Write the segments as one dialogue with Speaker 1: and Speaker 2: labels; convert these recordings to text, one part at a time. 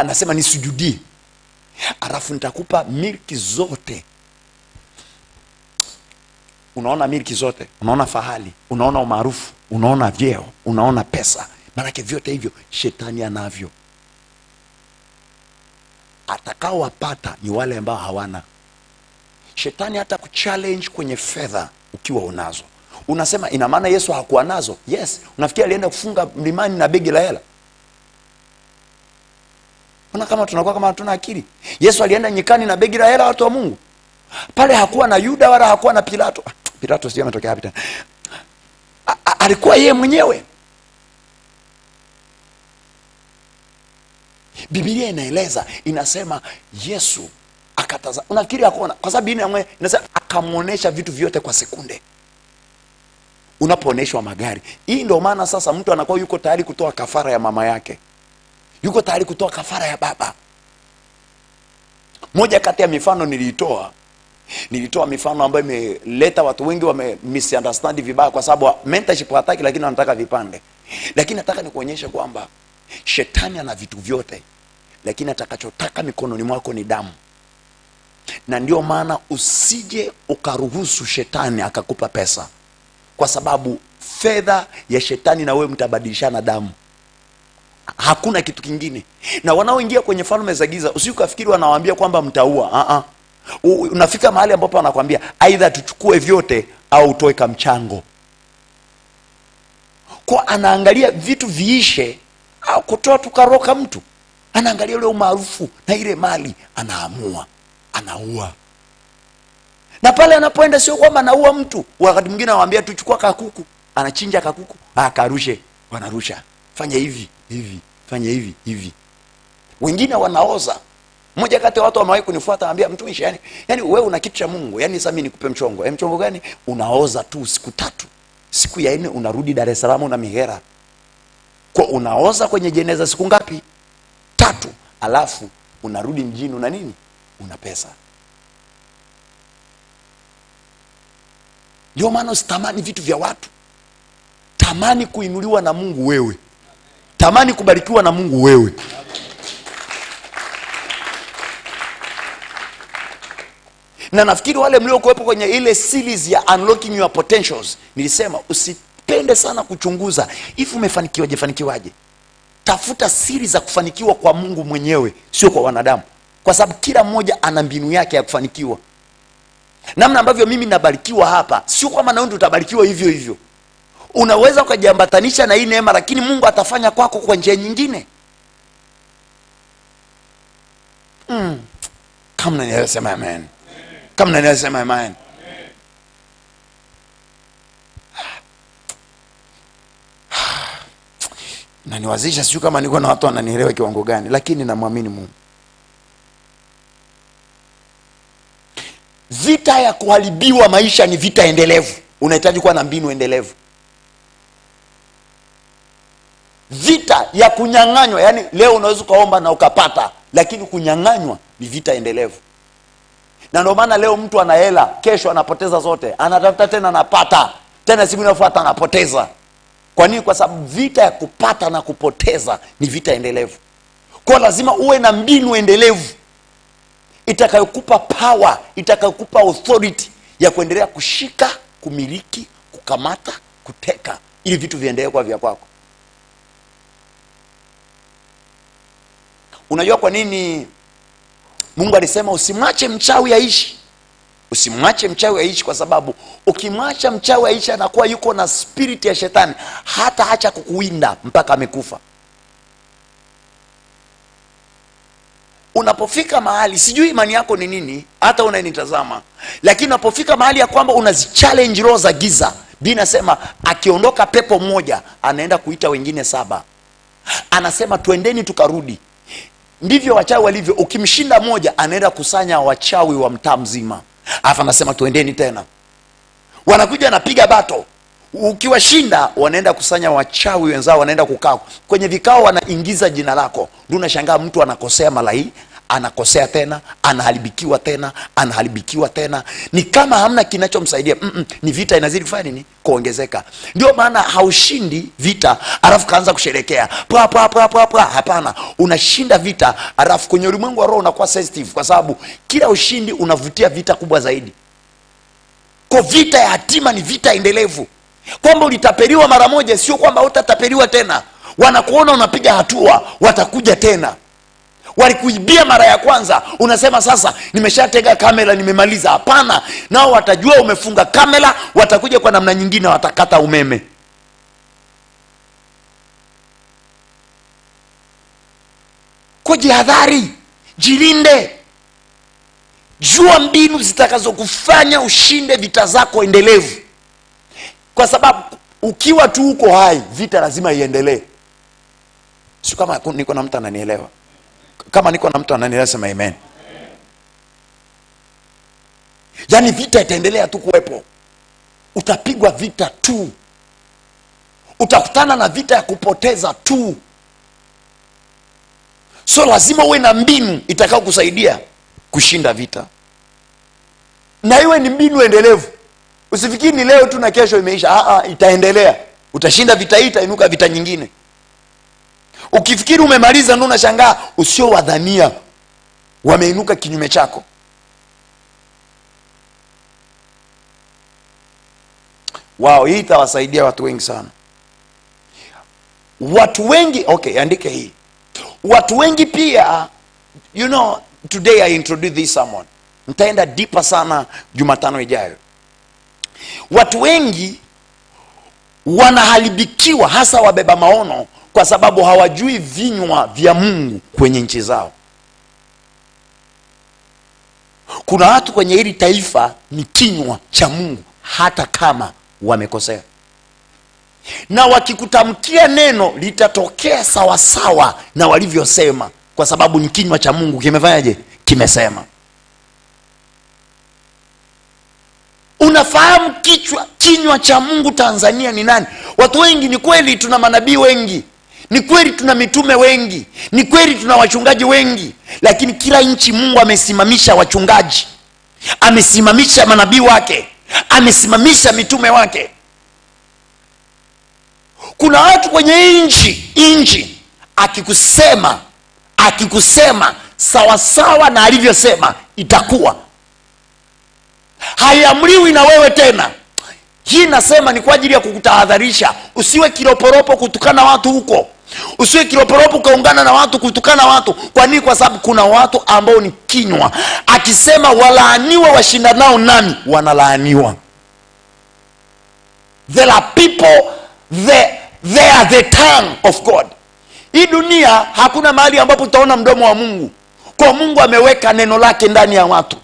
Speaker 1: anasema nisujudie alafu nitakupa milki zote unaona milki zote unaona fahali unaona umaarufu unaona vyeo unaona pesa maanake vyote hivyo shetani anavyo atakaowapata ni wale ambao hawana shetani hata kuchallenge kwenye fedha ukiwa unazo unasema ina maana yesu hakuwa nazo yes unafikiri alienda kufunga mlimani na begi la hela Mbona kama tunakuwa kama hatuna akili? Yesu alienda nyikani na begi la hela, watu wa Mungu. Pale hakuwa na Yuda wala hakuwa na Pilato. Ah, Pilato sijui ametokea wapi tena. Alikuwa yeye mwenyewe. bibilia inaeleza inasema Yesu akataza. Unafikiri akuona Kwa sababu Biblia inasema akamwonyesha vitu vyote kwa sekunde. Unapoonyeshwa magari, hii ndio maana sasa mtu anakuwa yuko tayari kutoa kafara ya mama yake yuko tayari kutoa kafara ya baba moja kati ya mifano niliitoa nilitoa mifano ambayo imeleta watu wengi wame misunderstand vibaya kwa sababu mentorship hataki lakini wanataka vipande lakini nataka nikuonyeshe kwamba shetani ana vitu vyote lakini atakachotaka mikononi mwako ni damu na ndio maana usije ukaruhusu shetani akakupa pesa kwa sababu fedha ya shetani na wewe mtabadilishana damu hakuna kitu kingine. Na wanaoingia kwenye falme za giza, usikafikiri wanawaambia kwamba mtaua. uh-uh. unafika mahali ambapo wanakwambia aidha tuchukue vyote au utoe kamchango kwa, anaangalia vitu viishe au kutoa tukaroka mtu, anaangalia ule umaarufu na ile mali, anaamua anaua. Na pale anapoenda sio kwamba anaua mtu, wakati mwingine anawaambia tuchukua kakuku, anachinja kakuku ah, akarushe, wanarusha fanya hivi hivi fanya hivi hivi. Wengine wanaoza. Mmoja kati ya watu wamewahi kunifuata ambia mtumishi, yani yani wewe una kitu cha Mungu, yani sasa mimi nikupe mchongo. E, mchongo gani? Unaoza tu siku tatu. Siku ya nne unarudi Dar es Salaam na mihera. Kwa unaoza kwenye jeneza siku ngapi? Tatu. Alafu unarudi mjini una nini? Una pesa. Ndio maana usitamani vitu vya watu, tamani kuinuliwa na Mungu wewe. Tamani kubarikiwa na Mungu wewe. Na nafikiri wale mliokuwepo kwenye ile series ya unlocking your potentials, nilisema usipende sana kuchunguza ifu umefanikiwa jefanikiwaje. Tafuta siri za kufanikiwa kwa Mungu mwenyewe, sio kwa wanadamu, kwa sababu kila mmoja ana mbinu yake ya kufanikiwa. Namna ambavyo mimi nabarikiwa hapa, sio kwama na wewe utabarikiwa hivyo hivyo unaweza ukajiambatanisha na hii neema, lakini Mungu atafanya kwako kwa njia nyingine. Mm. Kama nani sema amen? Kama nani sema amen? Naniwazisha, siu kama niko na watu wananielewa kiwango gani, lakini namwamini Mungu. Vita ya kuharibiwa maisha ni vita endelevu, unahitaji kuwa na mbinu endelevu vita ya kunyang'anywa. Yani leo unaweza ukaomba na ukapata, lakini kunyang'anywa ni vita endelevu, na ndio maana leo mtu anaela kesho anapoteza zote, anatafuta tena, anapata tena, siku inayofuata anapoteza. Kwa nini? Kwa sababu vita ya kupata na kupoteza ni vita endelevu. Kwa lazima uwe na mbinu endelevu itakayokupa power, itakayokupa authority ya kuendelea kushika, kumiliki, kukamata, kuteka, ili vitu viendelee kwa vya kwako. unajua kwa nini mungu alisema usimwache mchawi aishi usimwache mchawi aishi kwa sababu ukimwacha mchawi aishi anakuwa yuko na spiriti ya shetani hata hacha kukuwinda mpaka amekufa unapofika mahali sijui imani yako ni nini hata unanitazama lakini unapofika mahali ya kwamba unazichallenge roho za giza bi nasema akiondoka pepo mmoja anaenda kuita wengine saba anasema twendeni tukarudi Ndivyo wachawi walivyo. Ukimshinda moja, anaenda kusanya wachawi wa mtaa mzima, alafu anasema tuendeni tena. Wanakuja anapiga bato, ukiwashinda wanaenda kusanya wachawi wenzao, wanaenda kukaa kwenye vikao, wanaingiza jina lako. Ndio unashangaa mtu anakosea malai anakosea tena, anaharibikiwa tena, anaharibikiwa tena, ni kama hamna kinachomsaidia mm -mm, ni vita inazidi kufanya nini? Kuongezeka. Ndio maana haushindi vita alafu kaanza kusherekea pwa Hapana, unashinda vita alafu kwenye ulimwengu wa roho unakuwa sensitive, kwa sababu kila ushindi unavutia vita kubwa zaidi. Kwa vita ya hatima ni vita endelevu, kwamba ulitapeliwa mara moja, sio kwamba utatapeliwa tena. Wanakuona unapiga hatua, watakuja tena walikuibia mara ya kwanza, unasema sasa nimeshatega kamera nimemaliza. Hapana, nao watajua umefunga kamera, watakuja kwa namna nyingine, watakata umeme. Kwa jilinde, jua mbinu zitakazokufanya ushinde vita zako endelevu, kwa sababu ukiwa tu uko hai, vita lazima iendelee. Sio kama niko na mtu ananielewa. Kama niko na mtu ananielewa sema amen. Yaani vita itaendelea tu kuwepo, utapigwa vita tu, utakutana na vita ya kupoteza tu. So lazima uwe na mbinu itakao kusaidia kushinda vita, na iwe ni mbinu endelevu. Usifikiri ni leo tu na kesho imeisha. Aa, ah, ah, itaendelea. Utashinda vita hii, itainuka vita nyingine. Ukifikiri umemaliza, ndo unashangaa usiowadhania wameinuka kinyume chako. Wao hii itawasaidia watu wengi sana. Watu wengi okay, andike hii. Watu wengi pia, you know, today I introduce this someone ntaenda dipa sana Jumatano ijayo. Watu wengi wanaharibikiwa, hasa wabeba maono kwa sababu hawajui vinywa vya Mungu kwenye nchi zao. Kuna watu kwenye hili taifa ni kinywa cha Mungu, hata kama wamekosea, na wakikutamkia neno litatokea sawasawa na walivyosema, kwa sababu ni kinywa cha Mungu. Kimefanyaje? Kimesema. Unafahamu kichwa kinywa cha Mungu Tanzania ni nani? Watu wengi, ni kweli tuna manabii wengi ni kweli tuna mitume wengi, ni kweli tuna wachungaji wengi, lakini kila nchi Mungu amesimamisha wachungaji, amesimamisha manabii wake, amesimamisha mitume wake. Kuna watu kwenye nchi nchi, akikusema akikusema sawasawa na alivyosema itakuwa, haiamriwi na wewe tena hii nasema ni kwa ajili ya kukutahadharisha usiwe kiroporopo kutukana watu huko, usiwe kiroporopo ukaungana na watu kutukana watu. Kwa nini? Kwa sababu kuna watu ambao ni kinywa, akisema walaaniwe washindanao nami, wanalaaniwa. There are people the, they are the tongue of God. Hii dunia hakuna mahali ambapo utaona mdomo wa Mungu, kwa Mungu ameweka neno lake ndani ya watu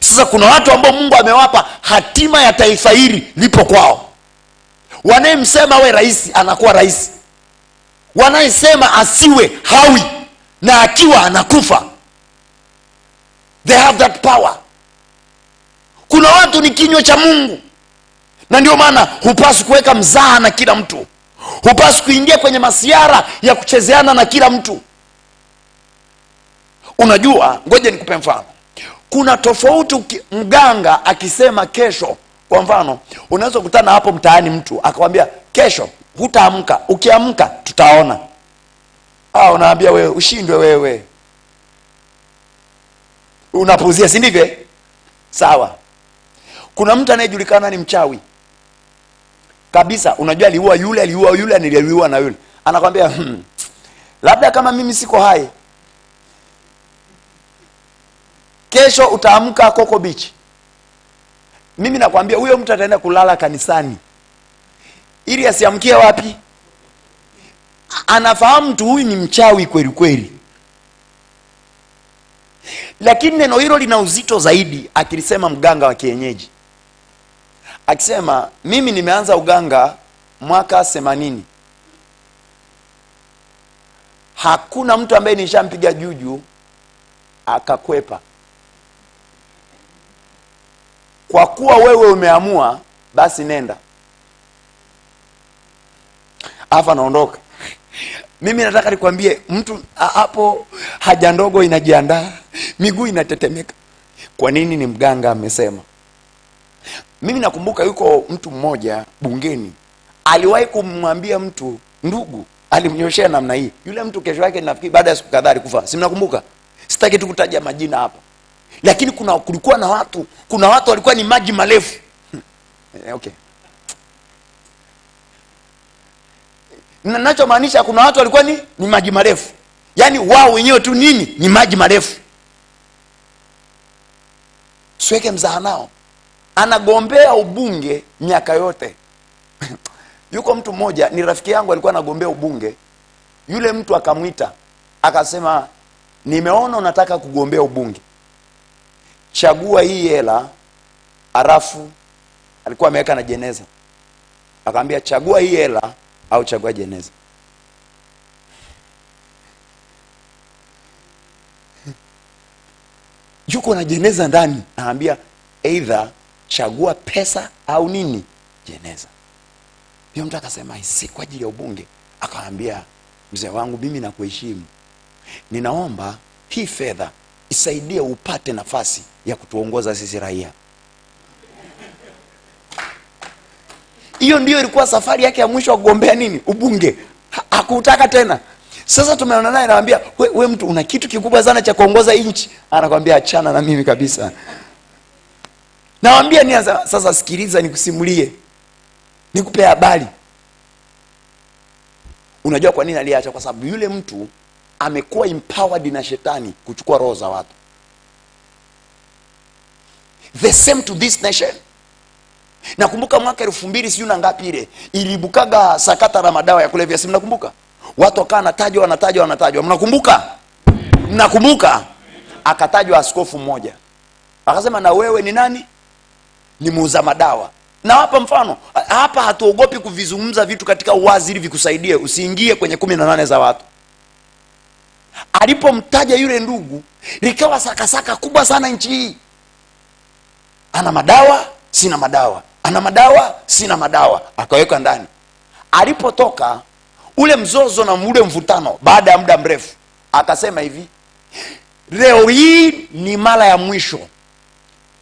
Speaker 1: sasa kuna watu ambao Mungu amewapa hatima ya taifa hili lipo kwao. Wanayemsema awe rais anakuwa rais, wanayesema asiwe hawi, na akiwa anakufa. They have that power. Kuna watu ni kinywa cha Mungu, na ndio maana hupaswi kuweka mzaha na kila mtu, hupaswi kuingia kwenye masiara ya kuchezeana na kila mtu. Unajua, ngoja nikupe mfano kuna tofauti. Mganga akisema kesho, kwa mfano, unaweza kukutana hapo mtaani mtu akamwambia kesho hutaamka, ukiamka tutaona. Ah, unaambia wewe ushindwe wewe, unapuzia, si ndivyo? Sawa. Kuna mtu anayejulikana ni mchawi kabisa, unajua aliua yule, aliua yule, niliua na yule, anakwambia hmm, labda kama mimi siko hai kesho utaamka koko bichi Mimi nakwambia huyo mtu ataenda kulala kanisani ili asiamkie wapi? Anafahamu tu huyu ni mchawi kweli kweli, lakini neno hilo lina uzito zaidi akilisema mganga wa kienyeji, akisema mimi nimeanza uganga mwaka themanini. Hakuna mtu ambaye nishampiga juju akakwepa kwa kuwa wewe umeamua, basi nenda. Afa naondoka. Mimi nataka nikwambie, mtu hapo haja ndogo inajiandaa, miguu inatetemeka. Kwa nini? Ni mganga amesema. Mimi nakumbuka yuko mtu mmoja bungeni aliwahi kumwambia mtu ndugu, alimnyoshea namna hii. Yule mtu kesho yake, nafikiri baada ya siku kadhaa alikufa, si mnakumbuka? Sitaki tukutaja majina hapa lakini kuna kulikuwa na watu, kuna watu walikuwa ni maji marefu hmm. eh, okay. Nachomaanisha kuna watu walikuwa ni, ni maji marefu, yaani wao wenyewe tu nini ni maji marefu. Siweke mzaha nao, anagombea ubunge miaka yote yuko mtu mmoja, ni rafiki yangu, alikuwa anagombea ubunge. Yule mtu akamwita akasema, nimeona unataka kugombea ubunge, chagua hii hela halafu, alikuwa ameweka na jeneza, akamwambia chagua hii hela au chagua jeneza. Yuko na jeneza ndani, anaambia either chagua pesa au nini, jeneza. Hiyo mtu akasema si kwa ajili ya ubunge, akawambia mzee wangu, mimi nakuheshimu, ninaomba hii fedha isaidie upate nafasi ya kutuongoza sisi raia. Hiyo ndiyo ilikuwa safari yake ya mwisho wa kugombea nini ubunge, hakutaka tena. Sasa tumeona naye, naambia we, we mtu una kitu kikubwa sana cha kuongoza nchi, anakwambia achana na mimi kabisa. Nawambia nia sasa, sikiliza nikusimulie, nikupe habari. Unajua kwa nini aliacha? Kwa sababu yule mtu amekuwa empowered na shetani kuchukua roho za watu. The same to this nation. Nakumbuka mwaka elfu mbili siju na ngapi ile ilibukaga sakata la madawa ya kulevya, si mnakumbuka? Watu wakaa anatajwa wanatajwa wanatajwa, mnakumbuka? Mnakumbuka? Akatajwa askofu mmoja akasema, na wewe ni nani? Ni muuza madawa. Na hapa mfano hapa hatuogopi kuvizungumza vitu katika uwazi ili vikusaidie usiingie kwenye kumi na nane za watu alipomtaja yule ndugu likawa sakasaka kubwa sana nchi hii. Ana madawa sina madawa, ana madawa sina madawa, akaweka ndani. Alipotoka ule mzozo na ule mvutano, baada ya muda mrefu, akasema hivi, leo hii ni mara ya mwisho,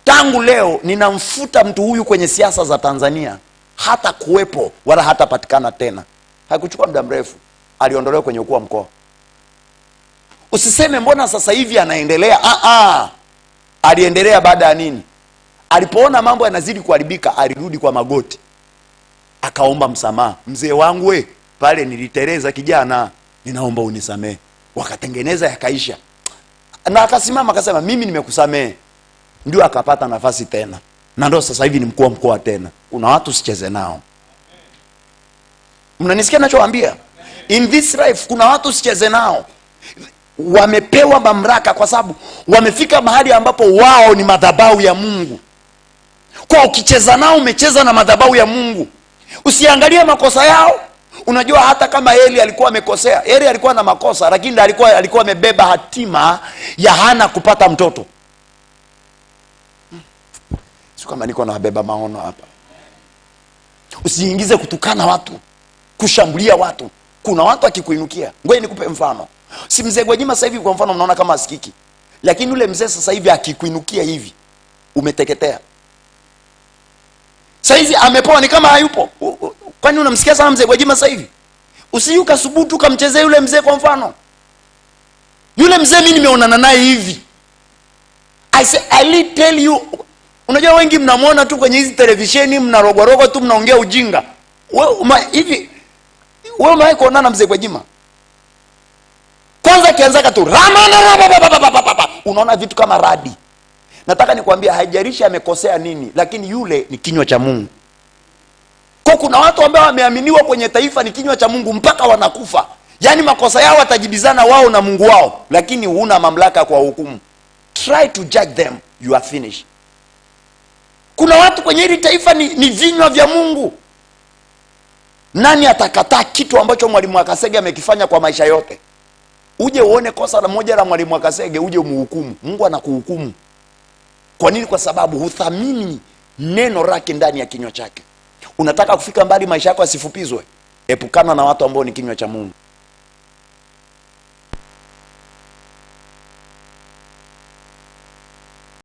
Speaker 1: tangu leo ninamfuta mtu huyu kwenye siasa za Tanzania, hata kuwepo wala hatapatikana tena. hakuchukua muda mrefu, aliondolewa kwenye ukuu wa mkoa. Usiseme mbona sasa hivi anaendelea. Ah, ah. Aliendelea baada ya nini? Alipoona mambo yanazidi kuharibika, alirudi kwa magoti akaomba msamaha. Mzee wangu we, pale niliteleza kijana, ninaomba unisamehe. Wakatengeneza yakaisha, na akasimama akasema, mimi nimekusamehe. Ndio akapata nafasi tena, na ndio sasa hivi ni mkuu wa mkoa tena. Una watu sicheze nao. Mnanisikia nachowambia In this life kuna watu sicheze nao wamepewa mamlaka kwa sababu wamefika mahali ambapo wao ni madhabahu ya Mungu. Kwa ukicheza nao umecheza na madhabahu ya Mungu. Usiangalie makosa yao. Unajua hata kama Eli alikuwa amekosea, Eli alikuwa na makosa, lakini alikuwa alikuwa amebeba hatima ya Hana kupata mtoto. Sio kama niko na maono hapa. Usiingize kutukana watu, kushambulia watu. Kuna watu akikuinukia. Ngoja nikupe mfano. Si mzee Gwajima sasa hivi kwa mfano mnaona kama asikiki, lakini yule mzee sasa hivi akikuinukia hivi umeteketea. Sasa hivi amepoa, ni kama hayupo. Kwani unamsikia sana mzee Gwajima sasa hivi? usiyuka subutu ukamchezea yule mzee. Kwa mfano yule mzee mimi nimeonana naye hivi, I say, I tell you. Unajua wengi mnamwona tu kwenye hizi televisheni, mnarogwaroga tu, mnaongea ujinga. Wewe hivi, wewe umewahi kuonana na mzee Gwajima? kwanza akianzaka tu ramana, unaona vitu kama radi. Nataka nikwambia, haijarishi amekosea nini, lakini yule ni kinywa cha Mungu. Kwa kuna watu ambao wameaminiwa kwenye taifa ni kinywa cha Mungu mpaka wanakufa, yaani makosa yao watajibizana wao na Mungu wao, lakini huna mamlaka kwa hukumu. Try to judge them, you are finished. Kuna watu kwenye hili taifa ni, ni vinywa vya Mungu. Nani atakataa kitu ambacho Mwalimu Akasege amekifanya kwa maisha yote? uje uone kosa la moja la mwalimu Akasege uje umuhukumu. Mungu anakuhukumu. Kwa nini? Kwa sababu huthamini neno lake ndani ya kinywa chake. Unataka kufika mbali, maisha yako asifupizwe epukana na watu ambao ni kinywa cha Mungu.